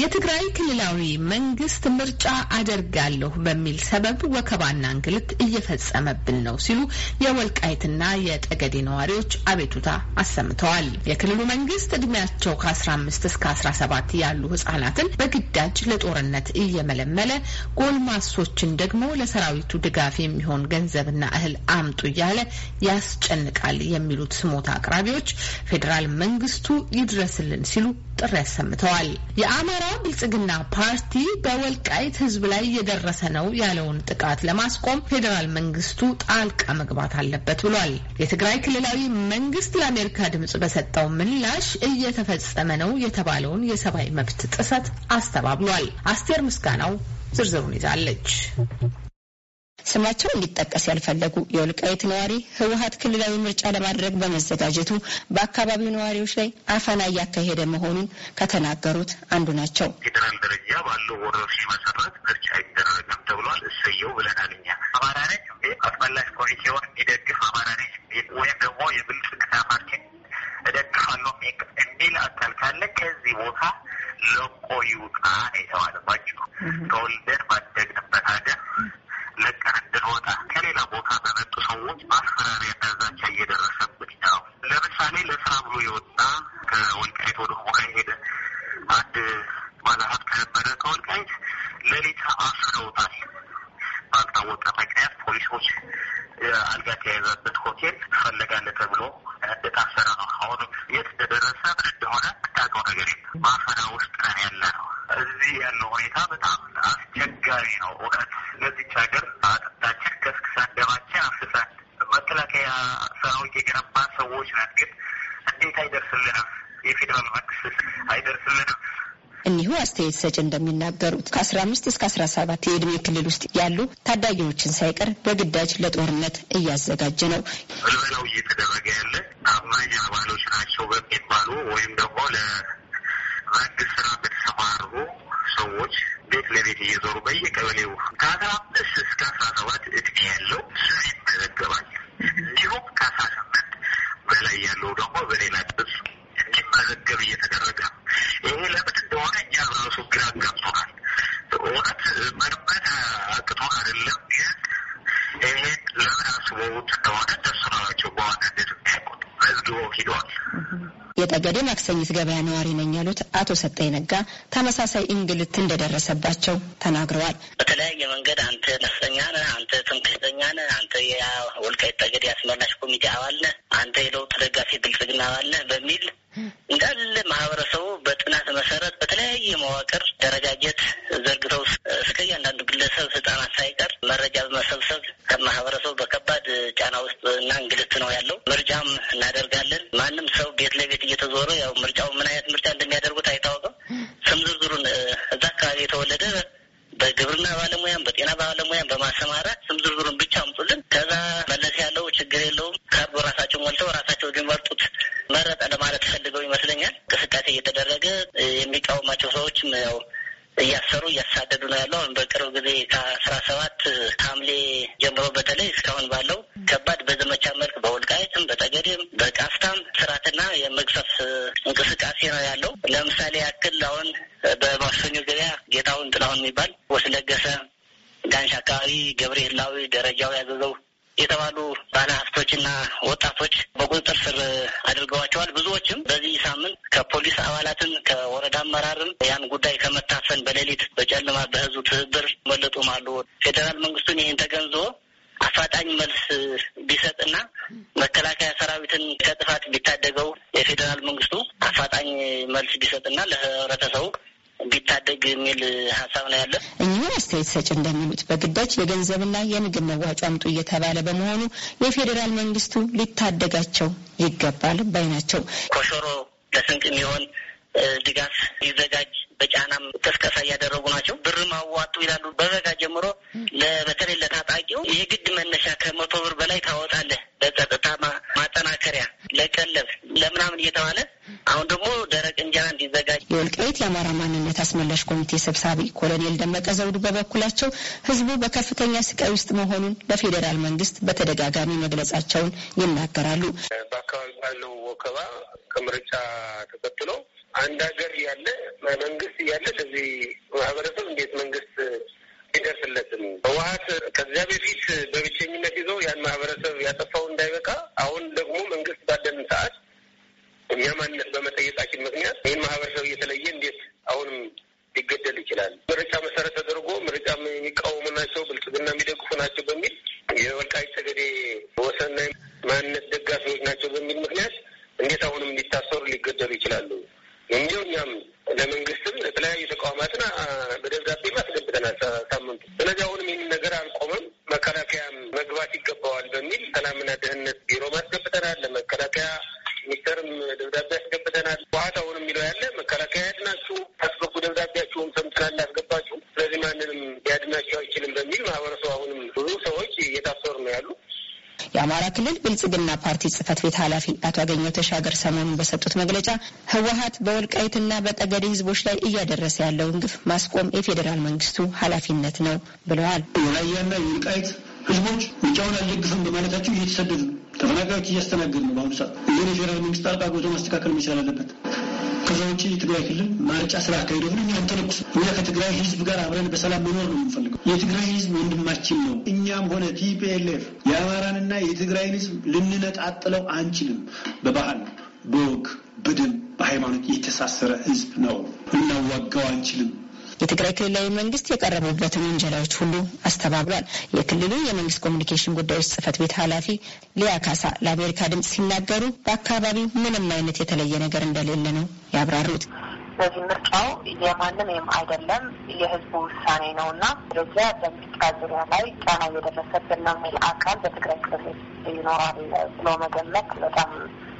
የትግራይ ክልላዊ መንግስት ምርጫ አደርጋለሁ በሚል ሰበብ ወከባና እንግልት እየፈጸመብን ነው ሲሉ የወልቃይትና የጠገዴ ነዋሪዎች አቤቱታ አሰምተዋል። የክልሉ መንግስት እድሜያቸው ከ15 እስከ 17 ያሉ ህጻናትን በግዳጅ ለጦርነት እየመለመለ ጎልማሶችን ደግሞ ለሰራዊቱ ድጋፍ የሚሆን ገንዘብና እህል አምጡ እያለ ያስጨንቃል የሚሉት ስሞታ አቅራቢዎች ፌዴራል መንግስቱ ይድረስልን ሲሉ ጥሪ አሰምተዋል። የአማራ ብልጽግና ፓርቲ በወልቃይት ህዝብ ላይ የደረሰ ነው ያለውን ጥቃት ለማስቆም ፌዴራል መንግስቱ ጣልቃ መግባት አለበት ብሏል። የትግራይ ክልላዊ መንግስት ለአሜሪካ ድምጽ በሰጠው ምላሽ እየተፈጸመ ነው የተባለውን የሰብአዊ መብት ጥሰት አስተባብሏል። አስቴር ምስጋናው ዝርዝሩን ይዛለች። ስማቸው እንዲጠቀስ ያልፈለጉ የወልቃይት ነዋሪ ህወሀት ክልላዊ ምርጫ ለማድረግ በመዘጋጀቱ በአካባቢው ነዋሪዎች ላይ አፈና እያካሄደ መሆኑን ከተናገሩት አንዱ ናቸው። ፌደራል ደረጃ ባለው ወረርሽኝ መሰረት ባልታወቀ ምክንያት ፖሊሶች አልጋ ተያይዛበት ሆቴል ትፈለጋለህ ተብሎ እንደታሰረ ነው። አሁኑ የት እንደደረሰ ምን እንደሆነ የምታውቀው ነገር የለም። ማፈና ውስጥ ነን ያለ ነው። እዚህ ያለው ሁኔታ በጣም አስቸጋሪ ነው። እውነት ለዚች ሀገር አጥንታችን ከስክሳን፣ ደማችን አፍስሳን መከላከያ ሰራዊት የገነባ ሰዎች ነን፣ ግን እንዴት አይደርስልንም? የፌዴራል መንግስት አይደርስልንም እኒሁ አስተያየት ሰጭ እንደሚናገሩት ከ15 እስከ 17 የእድሜ ክልል ውስጥ ያሉ ታዳጊዎችን ሳይቀር በግዳጅ ለጦርነት እያዘጋጀ ነው። ብልበላው እየተደረገ ያለ አማኝ አባሎች ናቸው በሚባሉ ወይም ደግሞ ለመንግስት ስራ በተሰማሩ ሰዎች ቤት ለቤት እየዞሩ በየቀበሌው ከአስራ አምስት እስከ አስራ ሰባት እድሜ ያለው ስም ይመዘገባል። እንዲሁም ከአስራ ስምንት በላይ ያለው ደግሞ በሌላ ቅጽ እንዲመዘገብ እየተደረገ የጠገዴ ማክሰኝት ገበያ ነዋሪ ነኝ ያሉት አቶ ሰጠኝ ነጋ ተመሳሳይ እንግልት እንደደረሰባቸው ተናግረዋል። በተለያየ መንገድ አንተ ነፍሰኛነ ነህ፣ አንተ ትምክህተኛ ነህ፣ አንተ የወልቃይት ጠገዴ አስመላሽ ኮሚቴ አባል ነህ፣ አንተ የለውጥ ደጋፊ ብልጽግና አባል ነህ በሚል እንዳለ ማህበረሰብ የተወለደ በግብርና ባለሙያም በጤና ባለሙያም በማሰማራት ስም ዝርዝሩን ብቻ አምጡልን። ከዛ መለስ ያለው ችግር የለውም ከርቦ ራሳቸው ሞልተው ራሳቸው መርጡት መረጠ ለማለት ፈልገው ይመስለኛል። እንቅስቃሴ እየተደረገ የሚቃወማቸው ሰዎችም ያው እያሰሩ እያሳደዱ ነው ያለው። አሁን በቅርብ ጊዜ ከአስራ ሰባት ሐምሌ ጀምሮ በተለይ እስካሁን ባለው ከባድ በዘመቻ መልክ የመግፈፍ እንቅስቃሴ ነው ያለው። ለምሳሌ ያክል አሁን በማክሰኞ ገበያ ጌታውን ጥላሁን የሚባል ወስለገሰ፣ ጋንሽ አካባቢ ገብሬ ደረጃው ያዘዘው የተባሉ ባለ ወጣቶች በቁጥጥር ስር አድርገዋቸዋል። ብዙዎችም በዚህ ሳምንት ከፖሊስ አባላትን ከወረዳ አመራርም ያን ጉዳይ ከመታፈን በሌሊት በጨለማ በህዝቡ ትብብር መለጡም አሉ። ፌዴራል መንግስቱን ይህን ተገንዞ አፋጣኝ መልስ ቢሰጥና መከላከያ ሰራዊት መልስ ቢሰጥና ለህብረተሰቡ ቢታደግ የሚል ሀሳብ ነው ያለ። እኚሁ አስተያየት ሰጭ እንደሚሉት በግዳጅ የገንዘብና የምግብ መዋጮ አምጡ እየተባለ በመሆኑ የፌዴራል መንግስቱ ሊታደጋቸው ይገባል ባይ ናቸው። ኮሾሮ ለስንቅ የሚሆን ድጋፍ ሊዘጋጅ በጫናም ቅስቀሳ እያደረጉ ናቸው። ብር ማዋጡ ይላሉ። በበጋ ጀምሮ በተለይ ለታጣቂው የግድ መነሻ ከመቶ ብር በላይ ታወጣለህ ለጸጥታ ማጠናከሪያ ለቀለብ ለምናምን እየተባለ የአማራ ማንነት አስመላሽ ኮሚቴ ሰብሳቢ ኮሎኔል ደመቀ ዘውዱ በበኩላቸው ህዝቡ በከፍተኛ ስቃይ ውስጥ መሆኑን ለፌዴራል መንግስት በተደጋጋሚ መግለጻቸውን ይናገራሉ። በአካባቢ ባለው ወከባ ከምርጫ ተከትሎ አንድ ሀገር ያለ መንግስት እያለ ለዚህ ማህበረሰብ እንዴት መንግስት ይደርስለትም ህወሀት ከዚያ በፊት በብቸኝነት ይዞ ያን ማህበረሰብ ያጠፋው እንዳይበቃ አሁን ደግሞ መንግስት ባለን ሰዓት እኛ ማንነት በመጠየቃችን ምክንያት ይህን ማህበረሰብ እየተለየ ሊገደል ይችላል። ምርጫ መሰረት ተደርጎ ምርጫ የሚቃወሙ ናቸው፣ ብልጽግና የሚደግፉ ናቸው በሚል የወልቃይት ጠገዴ ወሰንና ማንነት ደጋፊዎች ናቸው በሚል ምክንያት እንዴት አሁንም ሊታሰሩ ሊገደሉ ይችላሉ? እንዲሁ እኛም ለመንግስትም ለተለያዩ ተቋማትን በደብዳ ስላንድ ያስገባችሁ፣ ስለዚህ ማንንም ሊያድናቸው አይችልም በሚል ማህበረሰቡ አሁንም ብዙ ሰዎች እየታሰሩ ነው ያሉ የአማራ ክልል ብልጽግና ፓርቲ ጽህፈት ቤት ኃላፊ አቶ አገኘው ተሻገር ሰሞኑን በሰጡት መግለጫ ህወሀት በወልቃይትና በጠገዴ ህዝቦች ላይ እያደረሰ ያለውን ግፍ ማስቆም የፌዴራል መንግስቱ ኃላፊነት ነው ብለዋል። ራያና የወልቃይት ህዝቦች ምርጫውን አልደግፍም በማለታቸው እየተሰደዱ ነው። ተፈናቃዮች እያስተናገዱ ነው። በአሁኑ ሰዓት ይህን የፌዴራል መንግስት ጣልቃ ገብቶ ማስተካከል መቻል አለበት። ከዛ ውጭ የትግራይ ክልል ማርጫ ስራ አካሄደ ብሎ እኛ አንተለኩስ እኛ ከትግራይ ህዝብ ጋር አብረን በሰላም መኖር ነው የምንፈልገው። የትግራይ ህዝብ ወንድማችን ነው። እኛም ሆነ ቲፒኤልኤፍ የአማራንና የትግራይን ህዝብ ልንነጣጥለው አንችልም። በባህል በወግ በደም በሃይማኖት የተሳሰረ ህዝብ ነው። እናዋጋው አንችልም። የትግራይ ክልላዊ መንግስት የቀረቡበትን ውንጀላዎች ሁሉ አስተባብሏል። የክልሉ የመንግስት ኮሚኒኬሽን ጉዳዮች ጽህፈት ቤት ኃላፊ ሊያ ካሳ ለአሜሪካ ድምጽ ሲናገሩ በአካባቢው ምንም አይነት የተለየ ነገር እንደሌለ ነው ያብራሩት። በዚህ ምርጫው የማንም ይም አይደለም የህዝቡ ውሳኔ ነው እና ስለዚያ በምርጫ ዙሪያ ላይ ጫና እየደረሰብን ነው የሚል አካል በትግራይ ክልል ይኖራል ብሎ መገመት በጣም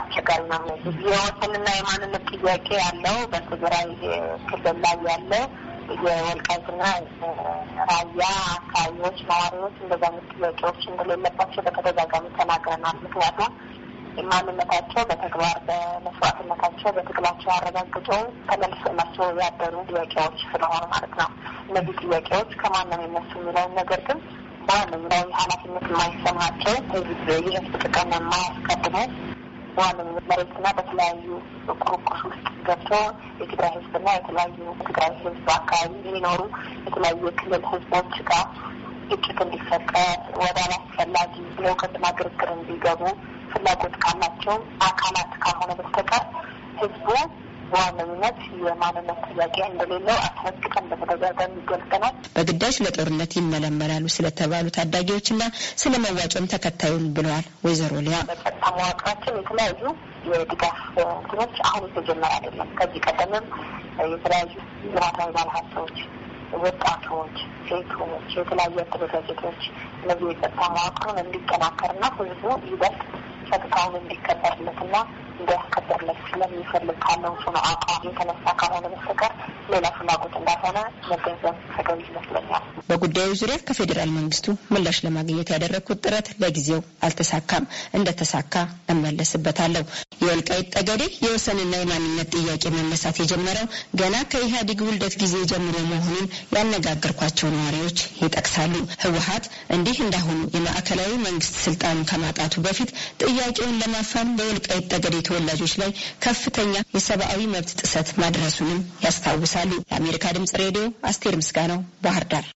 አስቸጋሪ ነው። የወሰንና የማንነት ጥያቄ ያለው በትግራይ ክልል ላይ ያለ የወልቃይትና ራያ አካባቢዎች ነዋሪዎች እንደዛ አይነት ጥያቄዎች እንደሌለባቸው በተደጋጋሚ ተናግረናል። ምክንያቱም የማንነታቸው በተግባር በመስዋዕትነታቸው በትግላቸው አረጋግጦ ተመልሶላቸው ያደሩ ጥያቄዎች ስለሆኑ ማለት ነው። እነዚህ ጥያቄዎች ከማንም የሚነሱ የሚለውን ነገር ግን በዋነኛው ኃላፊነት የማይሰማቸው ህዝብ የህዝብ ጥቅም የማያስቀድሙ በዋነኝነት መሬትና በተለያዩ ቁርቁስ ውስጥ ገብቶ የትግራይ ህዝብና የተለያዩ ትግራይ ህዝብ አካባቢ የሚኖሩ የተለያዩ የክልል ህዝቦች ጋር ግጭት እንዲፈጠር ወደ አላስፈላጊ ለውከትና ግርግር እንዲገቡ ፍላጎት ካላቸው አካላት ካልሆነ በስተቀር ህዝቡ በዋነኝነት የማንነት ጥያቄ እንደሌለው አስመስክተን በተደጋጋሚ ይገልጸናል። በግዳጅ ለጦርነት ይመለመላሉ ስለተባሉ ታዳጊዎችና ስለ መዋጮም ተከታዩን ብለዋል ወይዘሮ ሊያ። በጸጥታ መዋቅራችን የተለያዩ የድጋፍ እንትኖች አሁን የተጀመረ አይደለም። ከዚህ ቀደምም የተለያዩ ልማታዊ ባለሀብቶች ወጣቶች፣ ሴቶች፣ የተለያዩ አደረጃጀቶች እነዚህ የጸጥታ መዋቅሩን እንዲጠናከርና ህዝቡ ይበልጥ ጸጥታውን እንዲከበርለትና እንዲያስከበርለት ስለሚፈልግ ካለው ጽኑ አቋም የተነሳ ካልሆነ በስተቀር ሌላ ፍላጎት እንዳልሆነ መገንዘብ ተገቢ ይመስለኛል። በጉዳዩ ዙሪያ ከፌዴራል መንግስቱ ምላሽ ለማግኘት ያደረግኩት ጥረት ለጊዜው አልተሳካም። እንደተሳካ እመለስበታለሁ። የወልቃይት ጠገዴ የወሰንና የማንነት ጥያቄ መነሳት የጀመረው ገና ከኢህአዴግ ውልደት ጊዜ ጀምሮ መሆኑን ያነጋገርኳቸው ነዋሪዎች ይጠቅሳሉ። ህወሀት እንዲህ እንዳሁኑ የማዕከላዊ መንግስት ስልጣኑ ከማጣቱ በፊት ጥያቄውን ለማፋም በወልቃይት ጠገዴ ተወላጆች ላይ ከፍተኛ የሰብአዊ መብት ጥሰት ማድረሱንም ያስታውሳሉ። ለአሜሪካ ድምጽ ሬዲዮ አስቴር ምስጋናው ባህር ዳር